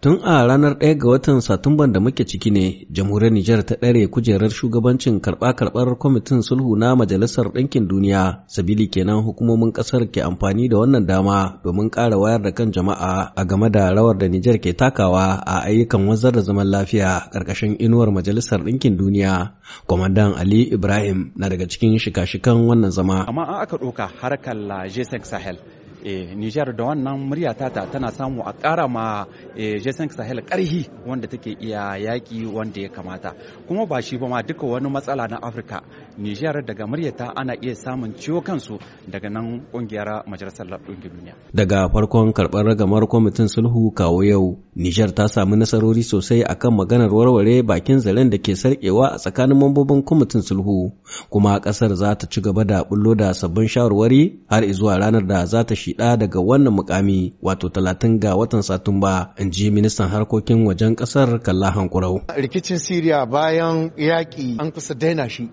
Tun a ranar ɗaya ga watan Satumban da muke ciki ne, jamhuriyar Nijar ta ɗare kujerar shugabancin karɓa-karɓar kwamitin sulhu na Majalisar Ɗinkin Duniya, sabili kenan hukumomin ƙasar ke amfani da wannan dama domin ƙara wayar da kan jama'a a game da rawar da Nijar ke takawa a ayyukan wanzar da zaman lafiya ƙarƙashin inuwar Majalisar Ɗinkin Duniya. Kwamandan Ali Ibrahim na daga cikin shika-shikan wannan zama. Amma an aka ɗauka harkar g Sahel Eh, Nijar da wannan murya tata tana samu a kara ma eh, G5 Sahel karhi wanda take iya yaki wanda ya kamata. Kuma ba shi ba ma duka wani matsala na Afirka Nijar daga muryata ana iya samun ciwo kansu daga nan ƙungiyar Majalisar Ɗungin Duniya. Daga farkon karɓar ragamar kwamitin sulhu kawo yau, Nijar ta samu nasarori sosai akan maganar warware bakin zaren da ke sarkewa a tsakanin mambobin kwamitin sulhu, kuma ƙasar za ta ci gaba da bullo da sabbin shawarwari har zuwa ranar da za ta shi ɗaya daga wannan mukami wato talatin ga watan Satumba in ji ministan harkokin wajen ƙasar Kalla Hankurau. Rikicin Siriya bayan yaƙi an kusa daina shi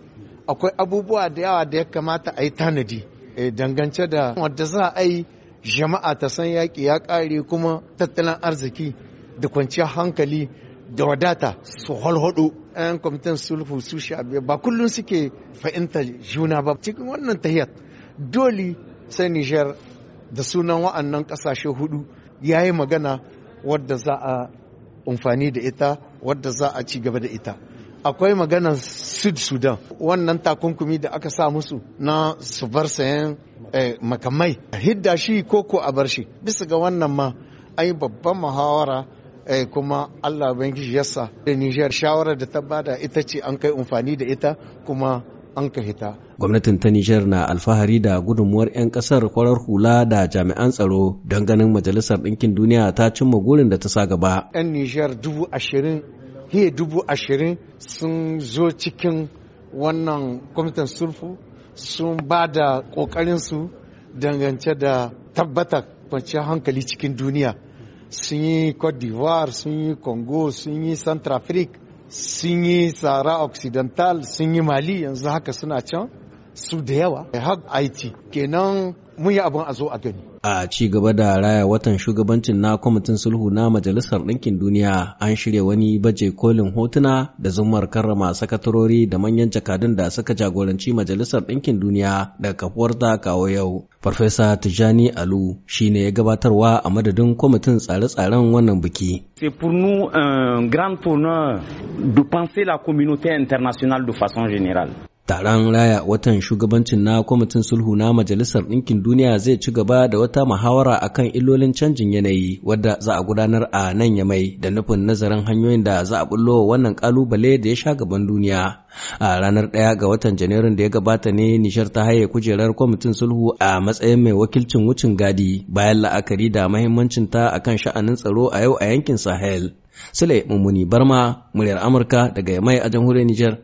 akwai abubuwa da yawa da ya kamata a yi tanadi e, dangance da wadda za a yi jama'a ta san yaƙi ya ƙare kuma tattalin arziki da kwanciyar hankali da wadata su holhodo yan kwamitin sulhu su shabe ba kullum suke fahimtar juna ba cikin wannan tahiyar dole sai nijar da sunan wa'annan kasashe hudu ya yi magana wadda za a amfani da ita wadda za a ci gaba da ita akwai maganar sud sudan wannan takunkumi da aka sa musu na su bar sayan eh, makamai hidda shi koko a bar shi bisa ga wannan ma ai babban muhawara eh, kuma Allah Ubangiji yasa da Nijar shawarar da ta bada ita ce an kai amfani da ita kuma an ka Gwamnatin ta Nijar na alfahari da gudunmuwar 'yan ƙasar kwarar hula da jami'an tsaro don ganin Majalisar Ɗinkin Duniya ta cimma gurin da ta sa gaba. 'Yan Nijar dubu ashirin, hiye dubu ashirin sun zo cikin wannan kwamitin sulfu sun ba da ƙoƙarinsu dangance da tabbata kwanciyar hankali cikin duniya. Sun yi Cote d'Ivoire, sun yi Congo, sun yi Central Africa, sun yi tsara occidental sun yi mali yanzu haka suna can su da yawa hak IT kenan mun yi abin a zo a gani. A ci gaba da raya watan shugabancin na kwamitin sulhu na Majalisar Ɗinkin Duniya an shirya wani baje kolin hotuna da zumar karrama sakatarori da manyan jakadun da suka jagoranci Majalisar Ɗinkin Duniya daga kafuwar ta kawo yau. Farfesa Tijani Alu shi ne ya gabatarwa a madadin kwamitin tsare-tsaren wannan biki. C'est pour nous un grand honneur de penser la communauté internationale de façon générale. Taron raya watan shugabancin na kwamitin sulhu na Majalisar Ɗinkin Duniya zai ci gaba da wata muhawara akan illolin canjin yanayi wadda za a gudanar a nan yamai da nufin nazarin hanyoyin da za a bullo wannan kalubale da ya sha gaban duniya. A ranar ɗaya ga watan Janairun da ya gabata ne Nishar ta haye kujerar kwamitin sulhu a matsayin mai wakilcin wucin gadi bayan la'akari da mahimmancinta akan sha'anin tsaro a yau a yankin Sahel. Sule Mummuni Barma, muryar Amurka daga Yamai a jamhuriyar Nijar.